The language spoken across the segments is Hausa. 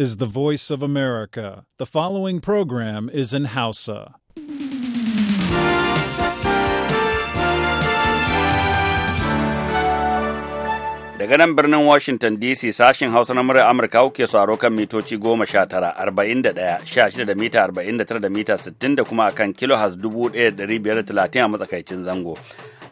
is the voice of America. The following program is in Hausa. Daga nan birnin Washington DC sashen Hausa na murar Amurka kuke saro kan mitoci goma sha tara, arba'in da mita arba'in da tara da mita sittin da kuma akan kilo has dubu ɗaya da biyar da talatin a matsakaicin zango.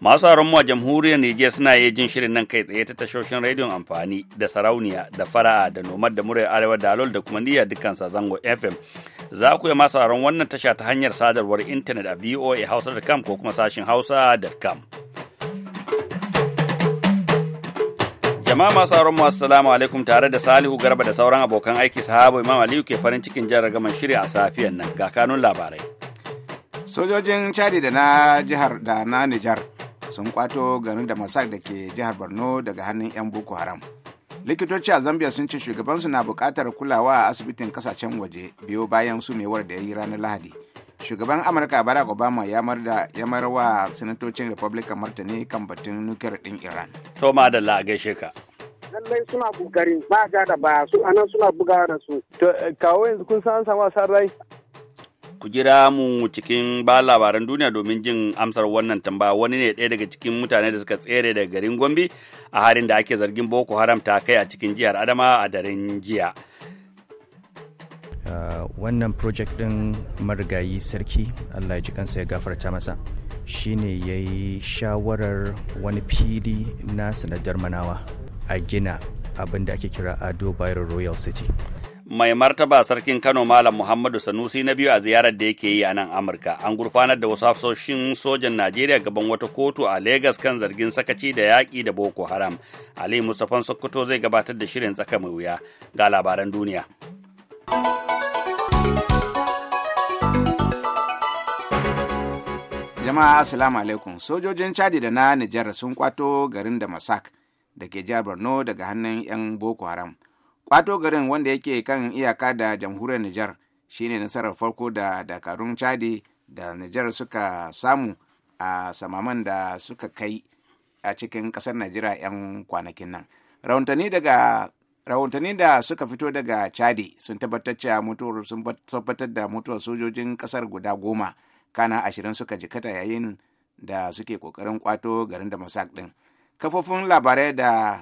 Masu aron mu a jamhuriyar Nijar suna yi jin shirin nan kai tsaye ta tashoshin rediyon amfani da sarauniya da fara'a da nomad da muryar arewa da alol da kuma niyyar dukkan zango FM. Za ku iya masu aron wannan tasha ta hanyar sadarwar intanet a voahausa.com ko kuma sashin hausa.com. Jama'a masu aron mu assalamu alaikum tare da Salihu Garba da sauran abokan aiki sahabo Imam Aliyu ke farin cikin jan ragaman shirya a safiyar nan ga kanun labarai. Sojojin Chadi da na jihar da na Nijar sun kwato garin da masak da ke jihar borno daga hannun 'yan boko haram likitoci a zambia sun ce shugabansu na bukatar kulawa a asibitin kasashen waje biyo bayan sumewar da ya yi ranar lahadi shugaban amurka barack obama ya mar wa sanatocin republican martani kan batun nukiyar din iran to madalla gaishe ka lallai suna kokari ba ga da baya su anan suna bugawa da su to eh, kawo yanzu kun san samu asar rai ku jira mu cikin ba labaran duniya domin jin amsar wannan tambaya wani ne ɗaya daga cikin mutane da suka tsere daga garin Gombe a harin da ake zargin Boko Haram ta kai a cikin jihar Adama a daren jiya. Ah, wannan project ɗin marigayi sarki Allah ya ji kansa ya gafarta masa shine ya yi shawarar wani fili na sanadar manawa a gina abin da ake kira Ado Royal City. mai martaba sarkin Kano Malam Muhammadu Sanusi na biyu a ziyarar da yake yi a nan Amurka. An gurfanar da wasu hafsoshin sojan Najeriya gaban wata kotu a Legas kan zargin sakaci da yaƙi da Boko Haram. Ali Mustapha Sokoto zai gabatar da shirin tsaka mai wuya ga labaran duniya. Jama'a Assalamu alaikum. Sojojin Chadi da na Nijar sun kwato garin da Masak da ke jihar Borno daga hannun 'yan Boko Haram. Kwato garin wanda yake kan iyaka da jamhuriyar Nijar shine nasarar farko da dakarun Chadi da Nijar suka samu a samaman da suka kai a cikin kasar Najeriya 'yan kwanakin nan. Rahuntani da suka fito daga Chadi sun tabbatar cewa mutuwar sun tabbatar da mutuwar sojojin ƙasar guda goma kana ashirin suka jikata yayin da suke ƙoƙarin kwato garin da masak din Kafofin labarai da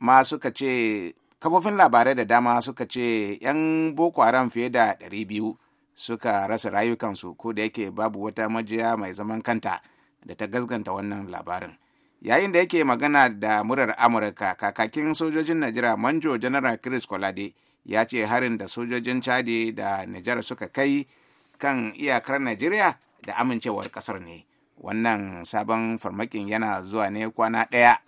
ma suka ce kafofin labarai da dama suka ce 'yan boko haram fiye da ɗari biyu suka rasa rayukansu ko da yake babu wata majiya mai zaman kanta da ta gasganta wannan labarin yayin da yake magana da murar amurka kakakin sojojin najeriya manjo general chris kolade ya ce harin da sojojin chadi da nijar suka kai kan iyakar najeriya da amincewar kasar ne wannan sabon farmakin yana zuwa ne kwana ɗaya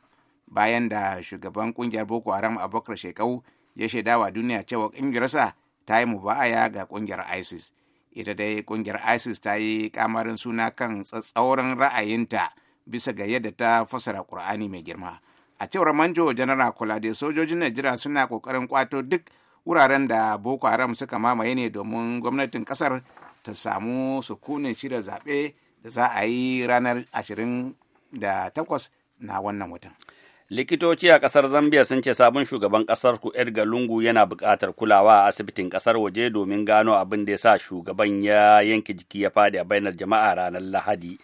bayan da shugaban kungiyar boko haram abubakar shekau ya shaida wa duniya cewa kungiyarsa ta yi mubaya ga kungiyar isis ita dai kungiyar isis ta yi kamarin suna kan tsatsauran ra'ayinta bisa ga yadda ta fasara qur'ani mai girma a cewar manjo janara kulade sojojin najeriya suna kokarin kwato duk wuraren da boko haram suka mamaye ne domin gwamnatin kasar ta samu sukunin shirya zaɓe da za a yi ranar da takwas na wannan watan. likitoci a ƙasar zambia sun ce sabon shugaban kasar ku edgar lungu yana buƙatar kulawa a asibitin ƙasar waje domin gano abin da ya sa shugaban ya yanke jiki ya fadi a bainar jama'a ranar lahadi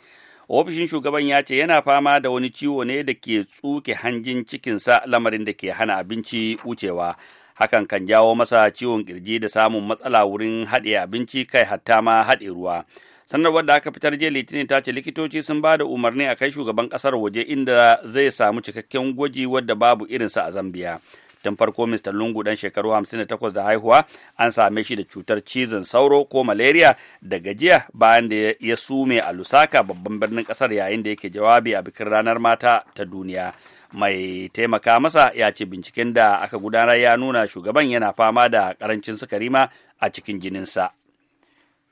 ofishin shugaban ya ce yana fama da wani ciwo ne da ke tsuke hanjin cikinsa lamarin da ke hana abinci wucewa hakan kan jawo masa ciwon ƙirji, da samun matsala wurin haɗe abinci kai hatta ma haɗe ruwa sanarwar da aka fitar jiya litinin ta ce likitoci sun ba da umarni a kai shugaban kasar waje inda zai samu cikakken gwaji wadda babu irinsa a zambia tun farko mr lungu dan shekaru 58 da haihuwa an same shi da cutar cizon sauro ko malaria da gajiya bayan da ya sume a lusaka babban birnin kasar yayin da yake jawabi a bikin ranar mata ta duniya mai taimaka masa ya ce binciken da aka gudanar ya nuna shugaban yana fama da karancin sukari ma a cikin jininsa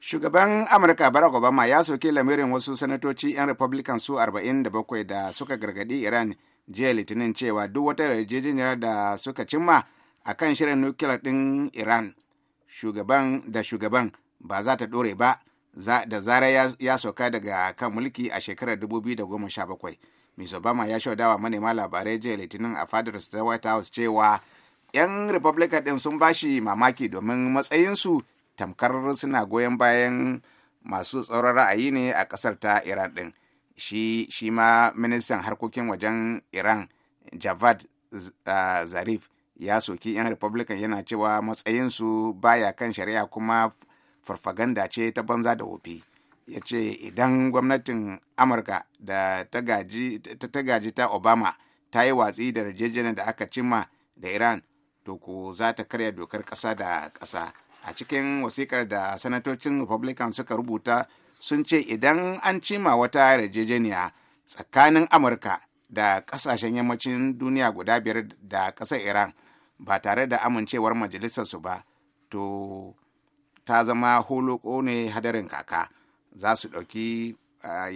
Shugaban Amurka Barack Obama ya soke lamirin wasu sanatoci 'yan Republican su 47 da suka gargadi Iran jiya Litinin cewa duk wata yarjejeniyar da suka cimma a kan shirin nukiliyar ɗin Iran shugaban da shugaban ba za ta ɗore ba da zara ya soka daga kan mulki a shekarar 2017. Ms. Obama ya wa manema labarai jiya Litinin a fadar ta White House cewa 'yan Republican ɗin sun bashi mamaki domin matsayinsu tamkar suna goyon bayan masu tsoron ra'ayi ne a ƙasar ta iran ɗin shi, shi ma ministan harkokin wajen iran javad zarif ya soki 'yan republican yana cewa matsayinsu baya kan shari'a kuma farfaganda ce ta banza da wofi ya ce idan gwamnatin amurka da ta gaji ta obama ta yi watsi da yarjejeniyar da aka cimma da iran to ku za ta karya dokar ƙasa da ƙasa a cikin wasikar da sanatocin republican suka rubuta sun ce idan an cima wata yarjejeniya tsakanin amurka da kasashen yammacin duniya guda biyar da ƙasar iran ba tare da amincewar majalisarsu ba to ta zama holoko ne hadarin kaka za su ɗauki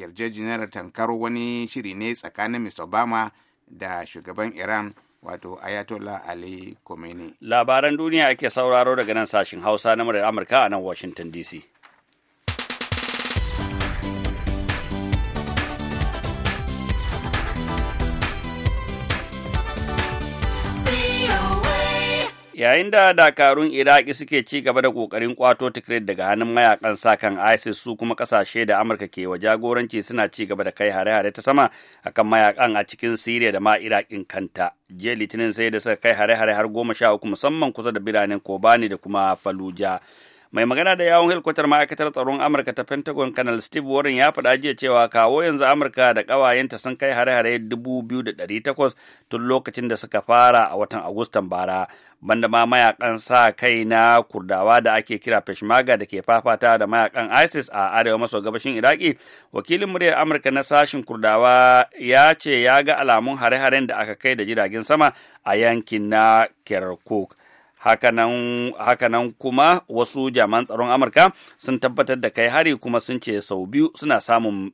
yarjejeniyar tankar wani shiri ne tsakanin mr obama da shugaban iran wato ayatollah ali khomeini labaran duniya ake sauraro daga nan sashin hausa na murar amurka a nan washington dc Yayin da dakarun Iraki suke ci gaba da ƙoƙarin kwato Tikrit daga hannun mayakan sakan ISIS su kuma ƙasashe da Amurka ke wa jagoranci suna ci gaba da kai hare-hare ta sama akan mayakan a cikin Siriya da ma Iraƙin kanta. Jiya Litinin sai da suka kai hare-hare har goma sha uku musamman kusa da biranen Kobani da kuma Fallujah. mai magana da yawon hilkwatar ma'aikatar tsaron amurka ta pentagon kanal steve warren ya faɗa jiya cewa kawo yanzu amurka da ƙawayenta sun kai hare-hare 2,800 tun lokacin da suka fara a watan agustan bara banda ma mayakan sa kai na kurdawa da ake kira peshmerga da ke fafata da mayakan isis a arewa maso gabashin iraki wakilin muryar amurka na sashin kurdawa ya ce ya ga alamun hare-haren da aka kai da jiragen sama a yankin na kirkuk hakanan kuma wasu jaman tsaron amurka sun tabbatar da kai hari kuma sun ce sau biyu suna samun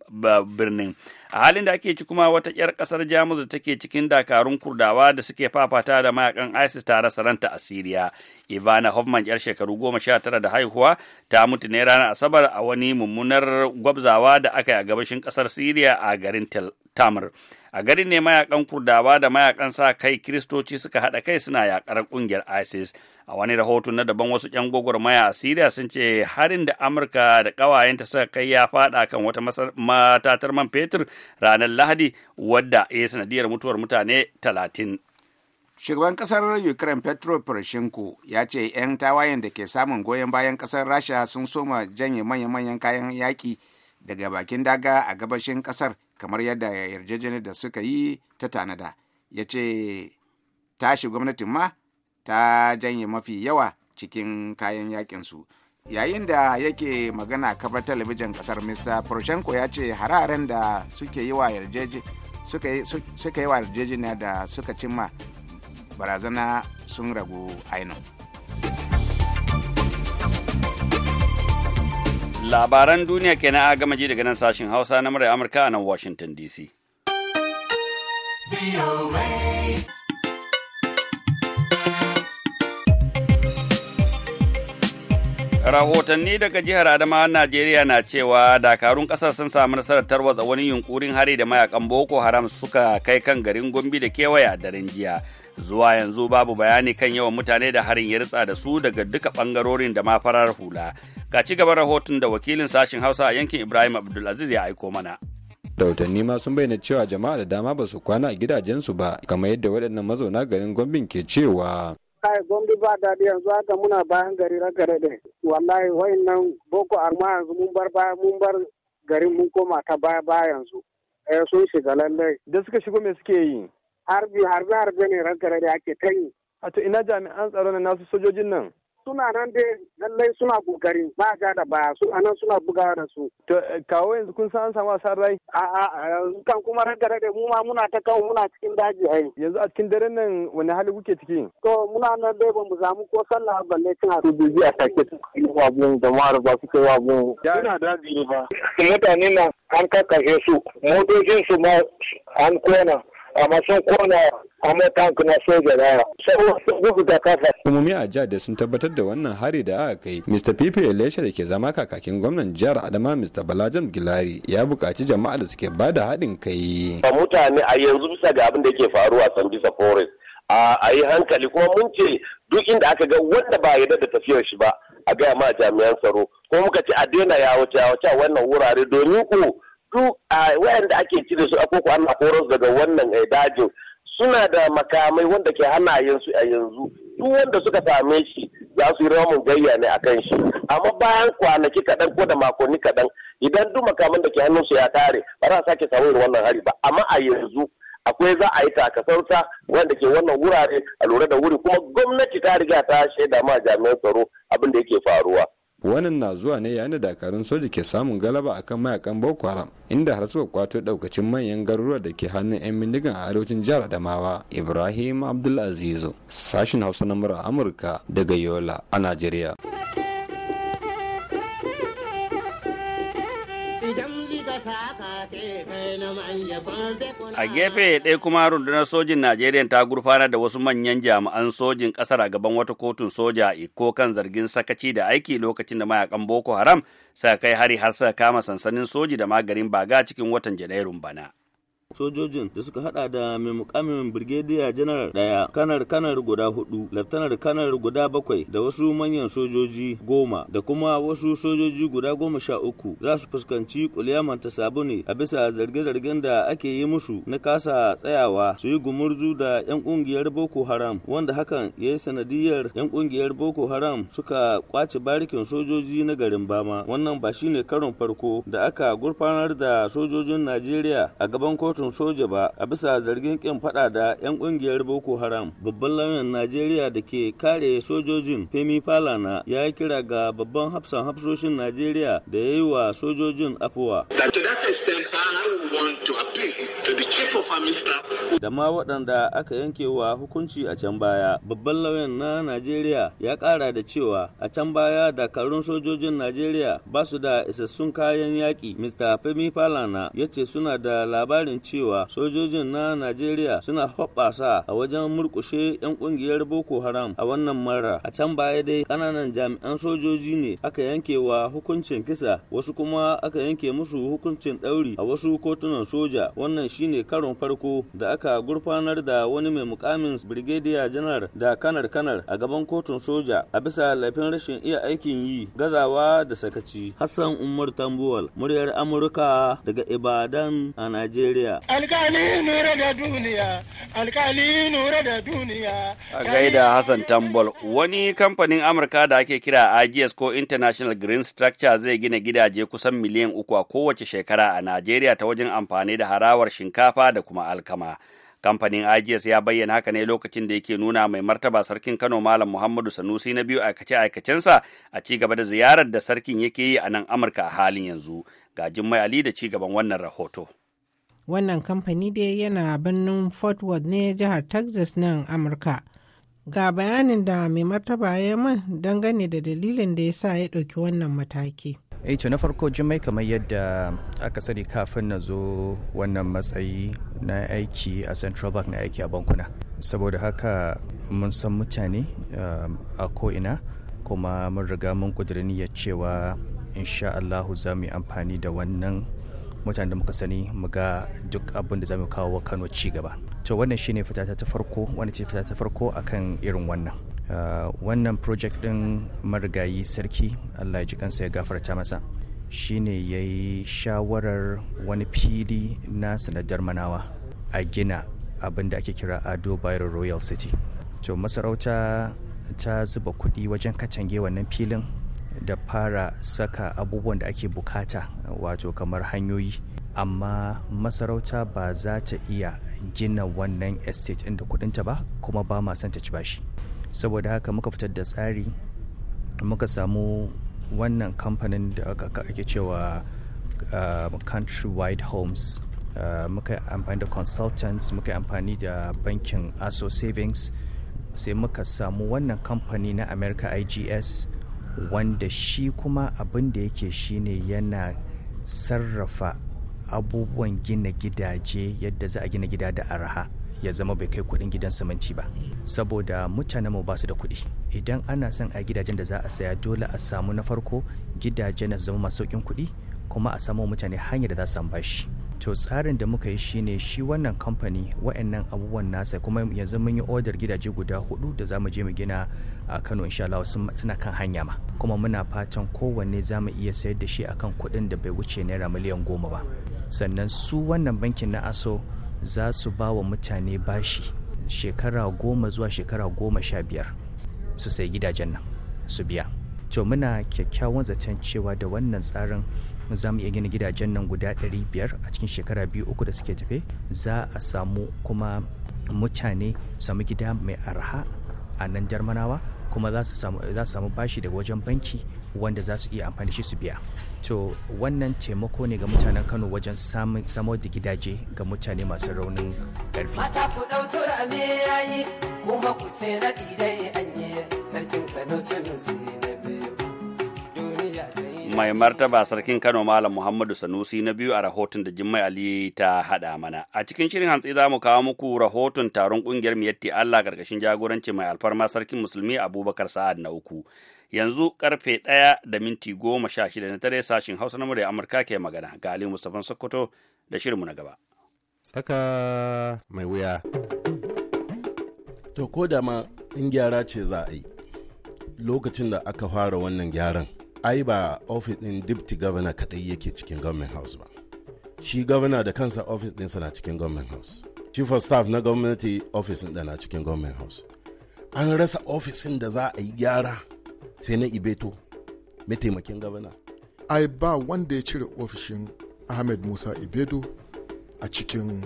birnin a halin da ake ci kuma wata 'yar ƙasar jamus da take cikin dakarun kurdawa da suke fafata da mayakan isis tare rasa ranta a siriya ivana hoffman 'yar shekaru goma sha tara da haihuwa ta mutu ne ranar asabar a wani mummunar gwabzawa da aka yi a gabashin ƙasar siriya a garin tamar a garin ne mayakan kurdawa da mayakan sa kai kiristoci suka haɗa kai suna yakar ƙungiyar isis a wani rahoto na daban wasu yan gwagwarmaya a siriya sun ce harin da amurka da ƙawayenta suka kai ya faɗa kan wata matatar man fetur ranar lahadi wadda ya sanadiyar mutuwar mutane talatin shugaban kasar ukraine petro poroshenko ya ce 'yan tawayen da ke samun goyon bayan kasar rasha sun soma janye manya-manyan kayan yaƙi daga bakin daga a gabashin kasar kamar yadda yarjejeniyar da suka yi ta tanada ya ce tashi gwamnatin ma ta janye mafi yawa cikin kayan yakinsu yayin da yake magana kafar talabijin kasar mr poroshenko ya ce hararen da suka yi wa yarjejeniya da suka cimma barazana sun ragu ainihin Labaran duniya kenan a gama ji daga nan sashen Hausa na murya Amurka a nan Washington DC. Rahotanni daga jihar Adamawa Najeriya na cewa dakarun kasar sun samu nasarar tarwatsa wani yunkurin hari da mayakan Boko Haram suka kai kan garin Gombe da kewaya a daren jiya. zuwa yanzu babu bayani kan yawan mutane da harin ya ritsa da su daga duka bangarorin da ma farar hula ga ci gaban rahoton da wakilin sashen hausa a yankin ibrahim abdulaziz ya aiko mana rahotanni ma sun bayyana cewa jama'a da dama ba su kwana a gidajensu ba kamar yadda waɗannan mazauna garin gombin ke cewa kai gombe ba daɗi yanzu haka muna bayan gari ragare da wallahi wayannan boko arma yanzu mun bar baya mun bar garin mun koma ta baya baya yanzu eh, sun shiga lallai da suka shigo me suke yi harbi harbe harbe ne rankare da ake ta yi. A to ina jami'an tsaro na nasu sojojin nan? Suna nan dai lallai suna kokari ba ja da baya su anan suna bugawa da su. To eh, kawo yanzu kun san samu asar rai? A a yanzu kan kuma rankare da mu ma muna ta kawo muna cikin daji ai. Yanzu a cikin daren nan wani hali kuke ciki? To muna nan dai ba mu samu ko sallah balle tana sojoji a sake su kai wa da jama'ar ba su kai wa bun. Suna daji ne ba. Mutane na an kakkashe su motocin su ma an kona. amma sun kona a tank na soja na saboda gudu da kafa. Hukumomi a jihar da sun tabbatar da wannan hari da aka kai. Mr. Pipe Lesha da ke zama kakakin gwamnan jihar Adama Mr. Balajan Gilari ya buƙaci jama'a da suke ba da haɗin kai. Mutane a yanzu bisa ga abin da ke faruwa Sambisa Forest. A yi hankali kuma mun ce duk inda aka ga wanda ba yi da tafiyar shi ba a gaya ma jami'an tsaro. kuma muka ci a daina yawace yawace a wannan wurare domin ku duk wayanda ake cire su a koko ana koros daga wannan eh, dajin suna da makamai wanda ke su a yanzu duk wanda suka same shi za su yi ramin gayya ne kan shi amma bayan kwanaki kaɗan ko da makonni kaɗan idan duk makaman da ke hannun su ya kare ba za a sake samun wannan hari ba amma a yanzu akwai za a yi takasarsa wanda ke wannan wurare a lura da wuri kuma gwamnati ta riga ta shaida ma jami'an tsaro abin da yake faruwa wannan na zuwa ne yayin da dakarun soja ke samun galaba akan mayakan boko haram inda har suka kwato daukacin manyan garuruwa da ke hannun 'yan bindigan a arewacin jihar adamawa ibrahim abdulaziz sashin hausa na amurka daga yola a najeriya A gefe ɗaya kuma rundunar sojin Najeriya ta gurfana da wasu manyan jami'an sojin ƙasar a gaban wata kotun soja iko kan zargin sakaci da aiki lokacin da mayakan Boko Haram suka kai hari har suka kama sansanin soji da magarin baga cikin watan Janairun bana. sojojin da suka hada da mai mukamin birgediya janar daya kanar kanar guda hudu laftanar kanar guda bakwai da wasu manyan sojoji goma da kuma wasu sojoji guda goma sha uku za su fuskanci kuliyaman ta sabu a bisa zarge-zargen da ake yi musu na kasa tsayawa su yi gumurzu da yan kungiyar boko haram wanda hakan ya yi sanadiyar yan kungiyar boko haram suka kwace barikin sojoji na garin bama wannan ba shine karon farko da aka gurfanar da sojojin najeriya a gaban kotu kotun soja ba a bisa zargin kin fada da 'yan kungiyar Boko Haram. Babban lauyan Najeriya da ke kare sojojin Femi Falana ya yi kira ga babban hafsan hafsoshin Najeriya da ya yi wa sojojin afuwa. Da ma waɗanda aka yanke wa hukunci a can baya, babban lauyan na Najeriya ya kara da cewa a can baya dakarun sojojin Najeriya ba su da isassun kayan yaƙi. Mr. Femi Falana ya ce suna da labarin cewa sojojin na Najeriya suna hoɓɓasa a wajen murkushe 'yan ƙungiyar Boko Haram a wannan mara. A can baya dai ƙananan jami'an sojoji ne aka yanke wa hukuncin kisa wasu kuma aka yanke musu hukuncin ɗauri a wasu kotunan soja wannan shine karon farko da aka gurfanar da wani mai mukamin birgediya janar da kanar kanar a gaban kotun soja a bisa laifin rashin iya aikin yi gazawa da sakaci. Hassan Umar Tambuwal muryar Amurka daga Ibadan a Najeriya. Alkali nura da duniya, alkali nura da duniya. A gaida Hassan Tambol, wani kamfanin Amurka da ake kira AGS ko International Green Structure zai gina gidaje kusan miliyan uku a kowace shekara a Najeriya ta wajen amfani da harawar shinkafa da kuma alkama. kamfanin IGS ya bayyana haka ne lokacin da yake nuna mai martaba sarkin Kano Malam Muhammadu Sanusi na biyu aikace-aikacensa a ci gaba da ziyarar da sarkin yake yi a nan Amurka a halin yanzu. Ga Jummai Ali da ci gaban wannan rahoto. wannan kamfani dai yana birnin fort worth ne jihar texas nan amurka ga bayanin da mai martaba ya min dangane da dalilin da ya sa ya ɗauki wannan mataki eh na farko jimai kamar yadda aka sani kafin na zo wannan matsayi na aiki a central bank na aiki a bankuna saboda haka mun san mutane um, a ko'ina kuma mun riga mun ƙudurin cewa insha allahu za mu yi amfani da wannan mutanen da muka sani mu ga duk abin da zamu kawo Kano ci gaba to wannan shine fita ta farko wannan ce fita ta farko akan irin wannan ah, wannan project din marigayi sarki Allah ya ji kansa ya gafarta masa shine ya yi shawarar wani fili na sanadar manawa a gina abin da ake kira ado bayero royal city to masarauta ta zuba kuɗi wajen katange wannan filin da fara saka abubuwan da ake bukata wato kamar hanyoyi amma masarauta ba za ta iya gina wannan estate inda kudinta ba kuma ba ma son ta ci bashi saboda haka muka fitar da tsari muka samu wannan kamfanin da ake cewa um, countrywide homes uh, muka amfani da consultants muka amfani da bankin aso savings sai muka samu wannan kamfani na america igs wanda shi kuma abin da yake shine yana sarrafa abubuwan gina gidaje yadda za a gina gida da arha ya zama bai kai kudin gidan siminti ba saboda mutanen mu ba su da kudi idan ana son a gidajen da za a saya dole a samu na farko gidajen na zama masu kuɗi kudi kuma a samu mutane hanyar da za su bashi to tsarin da muka yi shine shi wannan kamfani wa'annan abubuwan nasa kuma yanzu mun yi odar gidaje guda hudu da za mu je mu gina a kano insha Allah suna kan hanya ma kuma muna fatan kowanne za mu iya sayar da shi akan kuɗin da bai wuce naira miliyan goma ba sannan su wannan bankin na aso za su ba wa mutane bashi shekara goma zuwa shekara goma sha biyar su sai gidajen nan su biya to muna kyakkyawan zaton cewa da wannan tsarin za mu iya gina gidajen nan guda 500 a cikin shekara biyu uku da suke tafe za a samu kuma mutane samu gida mai arha a nan jarmanawa kuma za su samu bashi daga wajen banki wanda za su iya amfani shi su biya to wannan taimako ne ga mutanen kano wajen samar da gidaje ga mutane masu raunin karfi mata ku yayi kuma ku ce na ɗidai anye sarkin kano sunusi na biyu mai martaba sarkin kano malam muhammadu sanusi na biyu a rahoton da jimmai ali ta hada mana a cikin shirin hantsi za mu kawo muku rahoton taron kungiyar miyatti allah karkashin jagoranci mai alfarma sarkin musulmi abubakar sa'ad na uku yanzu karfe ɗaya da minti goma sha shida na tare sashin hausa na murya amurka ke magana ga ali mustapha sokoto da shirinmu na gaba tsaka mai wuya to ko da ma in gyara ce za a yi lokacin da aka fara wannan gyaran ai ba ofis ɗin deputy governor kaɗai yake cikin government house ba shi governor da kansa ofis ɗinsa na cikin government house chief of staff na gwamnati ofis ɗin na cikin government house an rasa ofisin da za a yi gyara sai na ibeto mataimakin governor ai ba wanda ya cire ofishin ahmed musa ibedo a cikin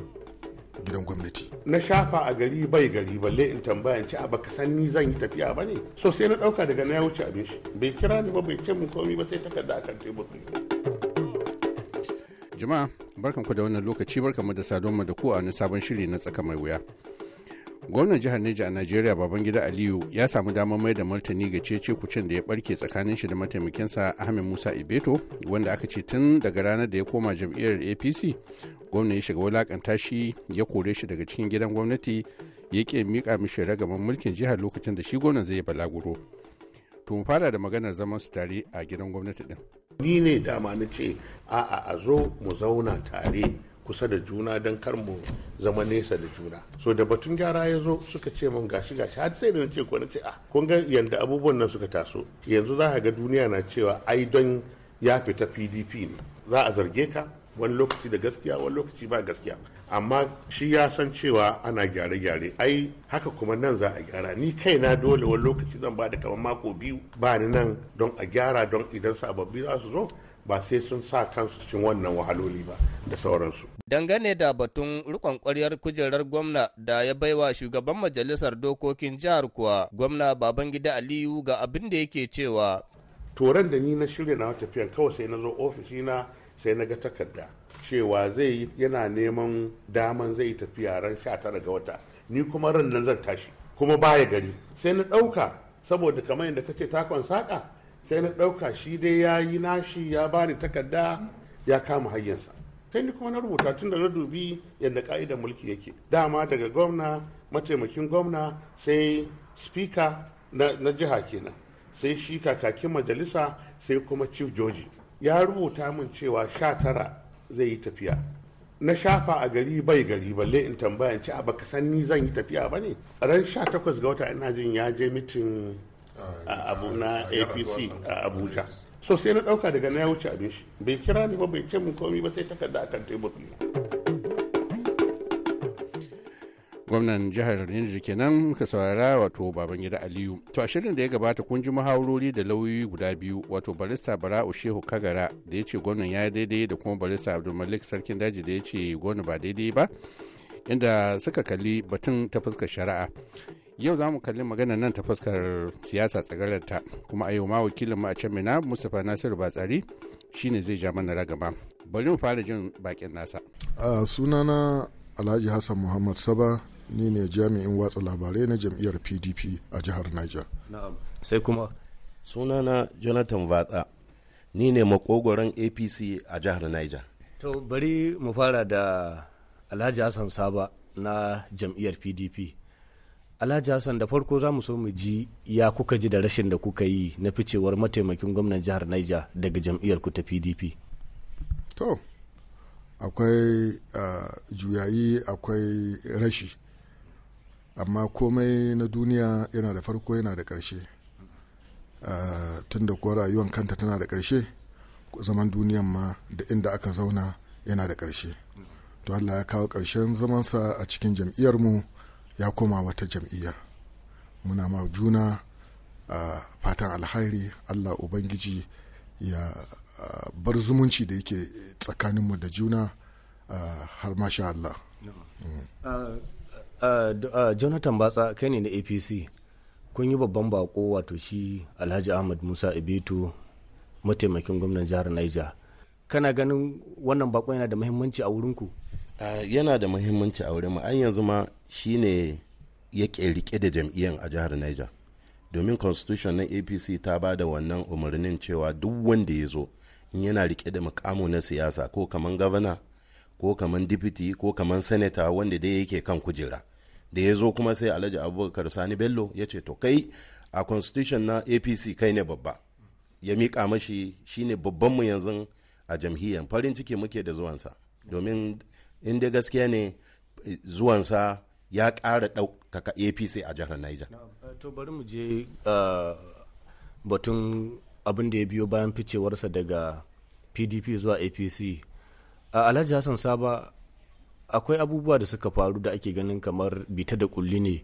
gidan gwamnati na shafa a gari bai gari balle in tambaya ci a baka san ni zan yi tafiya ba ne so sai na dauka daga na ya wuce abin shi bai kira ni ba bai ce mun komai ba sai takarda akan tebur jama'a barkanku da wannan lokaci barkanku da saduwa da ku a wani sabon shiri na tsaka mai wuya gwamnan jihar neja a najeriya babangida aliyu ya samu damar mai da martani ga cece kucin da ya barke tsakanin shi da mataimakinsa ahmed musa ibeto wanda aka ce tun daga ranar da ya koma jam'iyyar apc gwamnan ya shiga wulakanta shi ya kore shi daga cikin gidan gwamnati ya ke miƙa mishi ragaman mulkin jihar lokacin da shi gwamnan zai balaguro to mu fara da maganar zaman su tare a gidan gwamnati din ni ne dama na ce a'a a zo mu zauna tare kusa da juna don kar mu zama nesa da juna so da batun gyara ya zo suka ce min gashi gashi har sai da na ce ko na ce ah kun ga yanda abubuwan nan suka taso yanzu za ka ga duniya na cewa ai don ya fita pdp ne za a zarge ka wani lokaci da gaskiya wani lokaci ba gaskiya amma shi ya san cewa ana gyare-gyare ai haka kuma nan za a gyara ni kaina dole wani lokaci zan ba da kamar mako biyu ba ni nan don a gyara don idan sababbi za su zo ba sai sun sa kansu cikin wannan wahaloli ba da sauransu. Dangane da batun rikon kwaryar kujerar gwamna da ya baiwa shugaban majalisar dokokin jihar kuwa gwamna Babangida Aliyu ga abin da yake cewa. Toren da ni na shirya na tafiyan kawai sai na zo ofishina sai na ga takarda cewa zai yana neman daman zai tafiya ran sha tara ga wata ni kuma ran nan zan tashi kuma baya gari sai na ɗauka saboda kamar yadda kace takon saƙa sai na ɗauka shi dai ya yi nashi ya bani takarda ya kama hanyarsa sai ni kuma na rubuta tun da na dubi yadda ka'idar mulki yake dama daga gwamna mataimakin gwamna sai speaker na, na jiha kenan sai shi kakakin majalisa sai kuma chief joji ya rubuta min cewa sha tara zai yi tafiya na shafa a gari bai gari balle in tambaya ci a baka san ni zan yi tafiya ba ne ran sha takwas ga wata ina jin ya je mitin ah, a abu na apc a abuja so sai na dauka daga na ya wuce abin shi bai kira ni ba bai ce min komi ba sai takarda akan tebur ɗina gwamnan jihar Niger kenan muka saurara wato Babangida Aliyu. To a shirin da ya gabata kun ji muhawarori da lauyoyi guda biyu wato barista Bara'u Shehu Kagara da ya ce gwamnan ya daidai da kuma barista Abdulmalik Sarkin Daji da ya ce gwamna ba daidai ba inda suka kalli batun ta fuskar shari'a. yau za mu kalli magana nan ta fuskar siyasa tsagararta kuma a yau ma wakilin mu a can mina mustapha nasiru batsari shine zai ja mana ragama bari mu fara jin bakin nasa sunana alhaji hassan muhammad saba ni ne jami'in watsa labarai na jam'iyyar pdp a jihar niger sai kuma sunana jonathan vatsa ni ne makogoron apc a jihar niger to bari mu fara da alhaji hassan saba na jam'iyyar pdp alhaji hassan da farko za mu so mu ji ya kuka ji da rashin da kuka yi na ficewar mataimakin gwamnan jihar niger daga jam'iyyar ku ta pdp to akwai uh, juyayi akwai rashi amma komai na duniya yana da farko yana da ƙarshe ah, tunda da kuwa rayuwan kanta tana da ƙarshe zaman duniyan ma da inda aka zauna yana da ƙarshe to Allah ya kawo ƙarshen zamansa a cikin jam'iyyarmu ya koma wata jam'iyya muna ma juna a ah, fatan alhairi Allah Ubangiji ya ah, bar zumunci da yake tsakaninmu da juna har masha Allah. Uh, uh, jonathan batsa kai ne na apc kun yi babban bako wato shi alhaji ahmad musa ibitu mataimakin gwamnan jihar niger kana ganin wannan bako yana da muhimmanci a wurinku uh, yana da muhimmanci a wurin an yanzu ma shi ne ya rike da jam'iyyar a jihar niger domin constitution na apc ta ba da wannan umarnin cewa duk wanda ya zo in yana rike da mukamu na siyasa ko kaman gavana ko kaman dipiti ko kaman sanata wanda dai yake kan kujera da ya zo kuma sai alhaji abubakar sani bello ya ce to kai a constitution na apc kai ne babba ya miƙa mashi shine babbanmu yanzu a jam'iyyar farin ciki muke da zuwansa domin in da gaskiya ne zuwansa ya ƙara ɗaukaka apc a jihar niger eh, to bari mu je eh, batun abin da ya biyo bayan ficewarsa daga pdp zuwa apc eh, alhaji hassan saba akwai abubuwa da suka faru da ake ganin kamar bita da kulli ne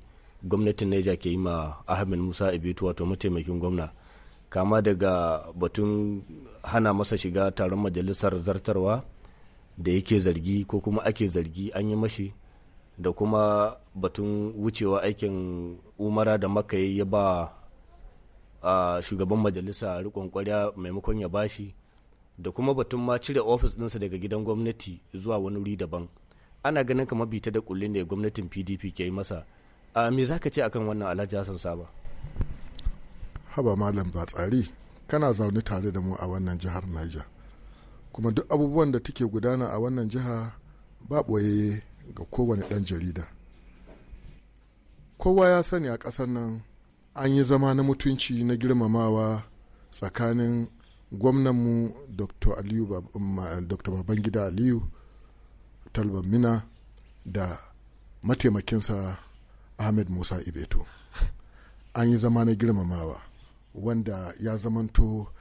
gwamnatin Niger ke yi ma Ahmed Musa Ibetu wato mataimakin gwamna kama daga batun hana masa shiga taron majalisar zartarwa da yake zargi ko kuma ake zargi an yi mashi da kuma batun wucewa aikin umara da maka ya ba a shugaban majalisa rikon kwarya maimakon ya bashi da kuma batun ma cire ofis ɗinsa daga gidan gwamnati zuwa wani wuri daban ana ganin kamar bita da kullin ne gwamnatin pdp ke yi masa a me za ka ce akan wannan alhaji hassan saba haba malam ba tsari kana zaune tare da mu a wannan jihar niger kuma duk abubuwan da take gudana a wannan jiha ba ɓoye ga kowane ɗan jarida kowa ya sani a ƙasar nan an yi zama na mutunci na girmamawa tsakanin gwamnanmu dr, dr. babangida aliyu talban mina da mataimakinsa ahmed musa ibeto an yi zama na girmamawa wanda ya zamanto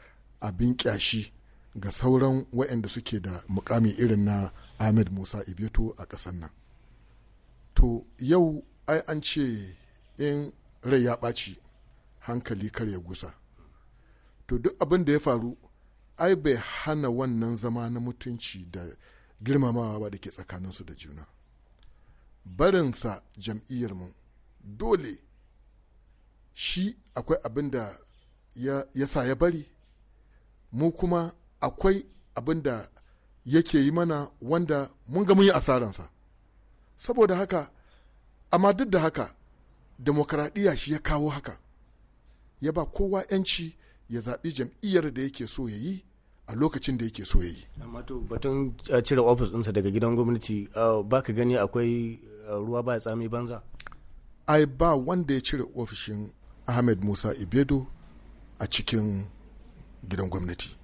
abin kyashi ga sauran waɗanda suke da mukami irin na ahmed musa ibeto a ƙasar nan to yau ai an ce in rai ya ɓaci hankali kar ya gusa to duk abin da ya faru ai bai hana wannan zama na mutunci da girmamawa ba da ke tsakaninsu da juna barinsa jam'iyyarmu dole shi akwai abin da ya sa ya bari mu kuma akwai abin da yake yi mana wanda mun ga mun yi asaransa saboda haka amma duk da haka demokradiyya shi ya kawo haka ya ba kowa 'yanci ya zaɓi jam'iyyar da yake so ya yi a lokacin da yake so yayi amma to batun uh, cire ofis ɗinsa daga gidan gwamnati uh, ba ka gani akwai uh, ruwa ba tsami banza ai ba wanda ya cire ofishin ahmed musa ibedo a cikin gidan gwamnati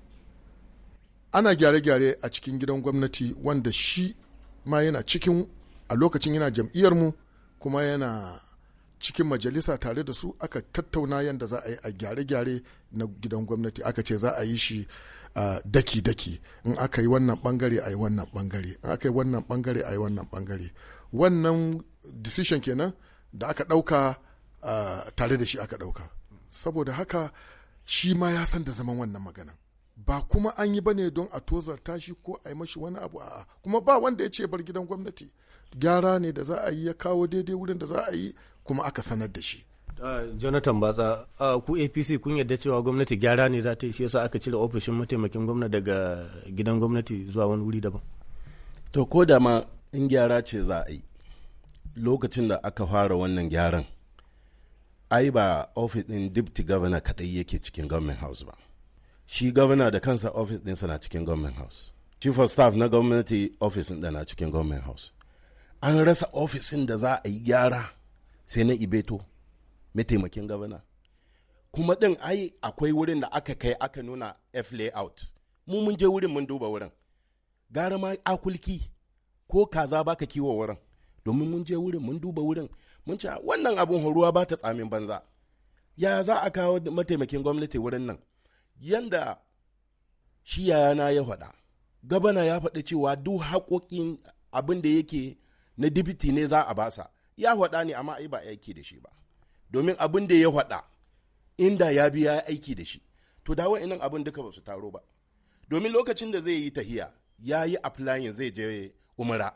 ana gyare-gyare a cikin gidan gwamnati wanda shi ma yana cikin a lokacin yana jam'iyyarmu kuma yana cikin majalisa tare da su aka tattauna yadda za a yi a gyare-gyare na gidan gwamnati aka ce za a yi shi daki-daki in aka yi wannan bangare a yi wannan bangare in aka yi wannan bangare a yi wannan bangare wannan decision kenan da aka ɗauka tare da shi aka ɗauka saboda haka shi ma ya san da zaman wannan magana ba kuma an yi bane don a tozarta shi ko a yi mashi wani abu a'a kuma ba wanda ya ce bar gidan gwamnati gyara ne da za a yi ya kawo daidai wurin da za a yi kuma aka sanar da shi ah, jonathan batsa ah, ku apc kun yarda cewa gwamnati gyara ne za ta shi yasa aka cire ofishin mataimakin gwamna daga gidan gwamnati zuwa wani wuri daban to ko da ma in gyara ce za a yi lokacin da aka fara wannan gyaran ai ba ofis din dipti governor kadai yake cikin government house ba shi governor da kansa ofis din na cikin government house chief of staff na gwamnati ofis din na cikin government house an rasa ofisin da za a yi gyara sai na ibeto mataimakin gabana kuma din ai akwai wurin da aka kai aka nuna f layout mu mun je wurin mun duba wurin gara ma akulki ko kaza baka kiwo wurin domin mun je wurin mun duba wurin mun ce ah, wannan abun horuwa ba ta tsamin banza ya za a kawo mataimakin gwamnati wurin nan yanda shi yana ya faɗa gabana ya faɗi cewa duk haƙoƙin abin da yake na dibiti ne za a basa ya hwada ne amma ai ba aiki da shi ba domin abin da ya waɗa inda ya biya aiki da shi to da inan abin duka ba su taro ba domin lokacin da zai yi tahiya ya yi applying zai je umara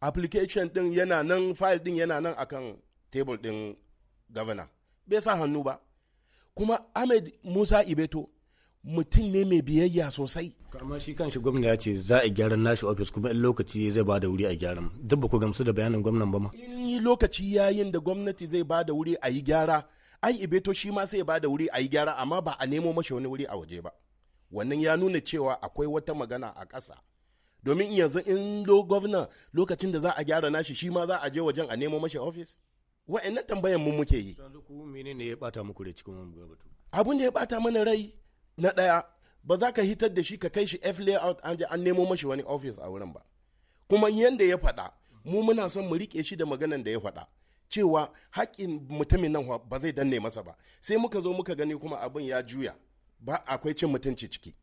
application din yana nan file din yana nan akan table din governor bai sa hannu ba kuma ahmed musa ibeto mutum ne mai biyayya sosai amma shi kan shi gwamna ya ce za a gyara nashi ofis kuma in lokaci zai ba da wuri a gyaran duk ba ku gamsu da bayanin gwamnan ba ma yi lokaci yayin da gwamnati zai ba da wuri a yi gyara ai ibeto shi ma sai ba da wuri a yi gyara amma ba a nemo mashi wani wuri a waje ba wannan ya nuna cewa akwai wata magana a ƙasa domin yanzu in do gwamna lokacin da za a gyara nashi shi ma za a je wajen a nemo mashi ofis wa'annan tambayan mun muke yi abin da ya bata mana rai na ɗaya ba za ka hitar da shi ka kai shi f layout an je an nemo mashi wani ofis a wurin ba kuma yanda ya faɗa mu muna son mu rike shi da maganan da ya faɗa cewa haƙƙin mutumin nan ba zai danne masa ba sai muka zo muka gani kuma abin ya juya ba akwai cin mutunci ciki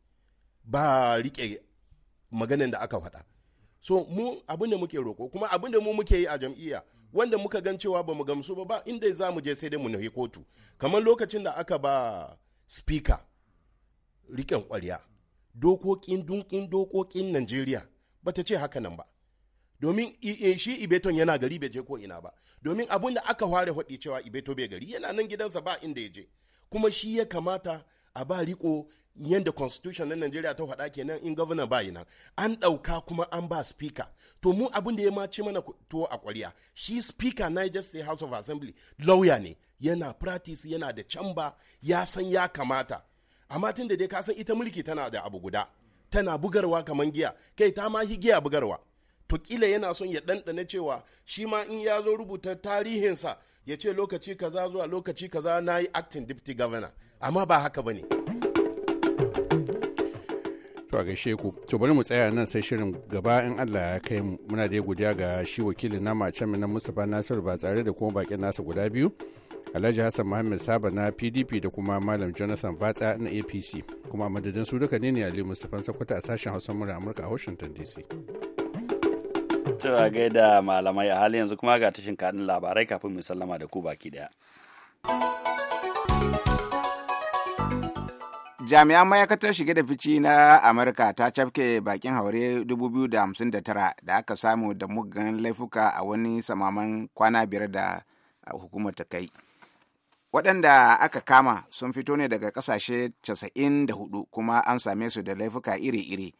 ba rike maganan da aka faɗa so mu abin da muke roƙo kuma abin da mu muke yi a jam'iyya wanda muka gan cewa ba mu gamsu ba ba inda za mu je sai dai mu nufi kotu kamar lokacin da aka ba speaker riƙen ƙwarya dokokin dunkin dokokin najeriya ba ta ce haka nan ba domin shi ibeton yana gari bai je ko ina ba domin abun da aka ware faɗi cewa ibeto bai gari yana nan gidansa ba inda ya je kuma shi ya kamata a ba riko yadda constitution na nigeria ta faɗa kenan in governor ba nan an ɗauka kuma an ba speaker to mu abin da ya mace mana to a ƙwariya shi speaker Niger State House of Assembly lauya ne yana practice yana da ba ya san ya kamata amma tun da dai ka san ita mulki tana da abu guda tana bugarwa kamar giya kai ta ma giya bugarwa to kila yana son ya ɗanɗana cewa shi ma in ya zo rubuta tarihinsa ya ce lokaci kaza zuwa lokaci kaza na yi acting deputy governor amma ba haka ba ne to a gaishe ku to bari mu tsaya nan sai shirin gaba in Allah ya kai mu muna da godiya ga shi wakilin nama a can Mustapha Nasiru ba tsare da kuma bakin nasa guda biyu Alhaji Hassan Muhammad Saba na PDP da kuma Malam Jonathan Vatsa na APC kuma madadin su duka ne ne Ali Mustapha Sakwata a sashen Hausa mura Amurka a Washington DC a gaida malamai a halin yanzu kuma ga tashin kaɗin labarai kafin mu sallama da ku baki ɗaya. jami'an ma'aikatar shige da fici na amurka ta cafke bakin haure 259 da aka samu da muggan laifuka a wani samaman kwana biyar da hukumar ta kai waɗanda aka kama sun fito ne daga ƙasashe 94 kuma an same su da laifuka iri-iri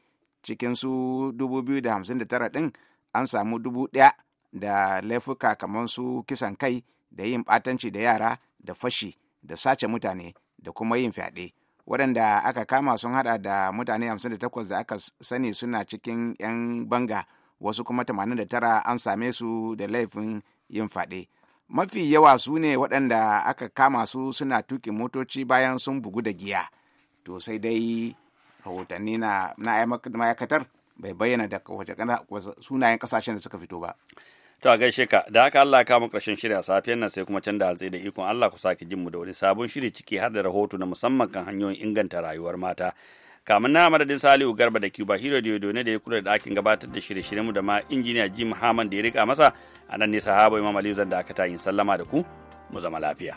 cikin su 259 ɗin an samu dubu ɗaya da laifuka kamar su kisan kai da yin ɓatanci da yara da fashi da sace mutane da kuma yin fyaɗe waɗanda aka kama sun hada da mutane 58 da aka sani suna cikin 'yan banga wasu kuma 89 an same su da laifin yin fyaɗe mafi yawa su ne waɗanda aka kama su suna tuki motoci bayan sun bugu da giya to sai dai rahotanni na ma'aikatar bai bayyana da wace sunayen kasashen da suka fito ba to a gaishe ka da haka Allah kama karshen shirya safiyar nan sai kuma can da hantsi da ikon Allah ku sake jin mu da wani sabon shiri ciki har da rahoto na musamman kan hanyoyin inganta rayuwar mata kamun na madadin Salihu Garba da Cuba Hero Diodo ne da ya kula da ɗakin gabatar da shirye shiryenmu da ma injiniya Jim Haman da ya rika masa a nan ne sahaba Imam Aliyu zan da aka tayin sallama da ku mu zama lafiya.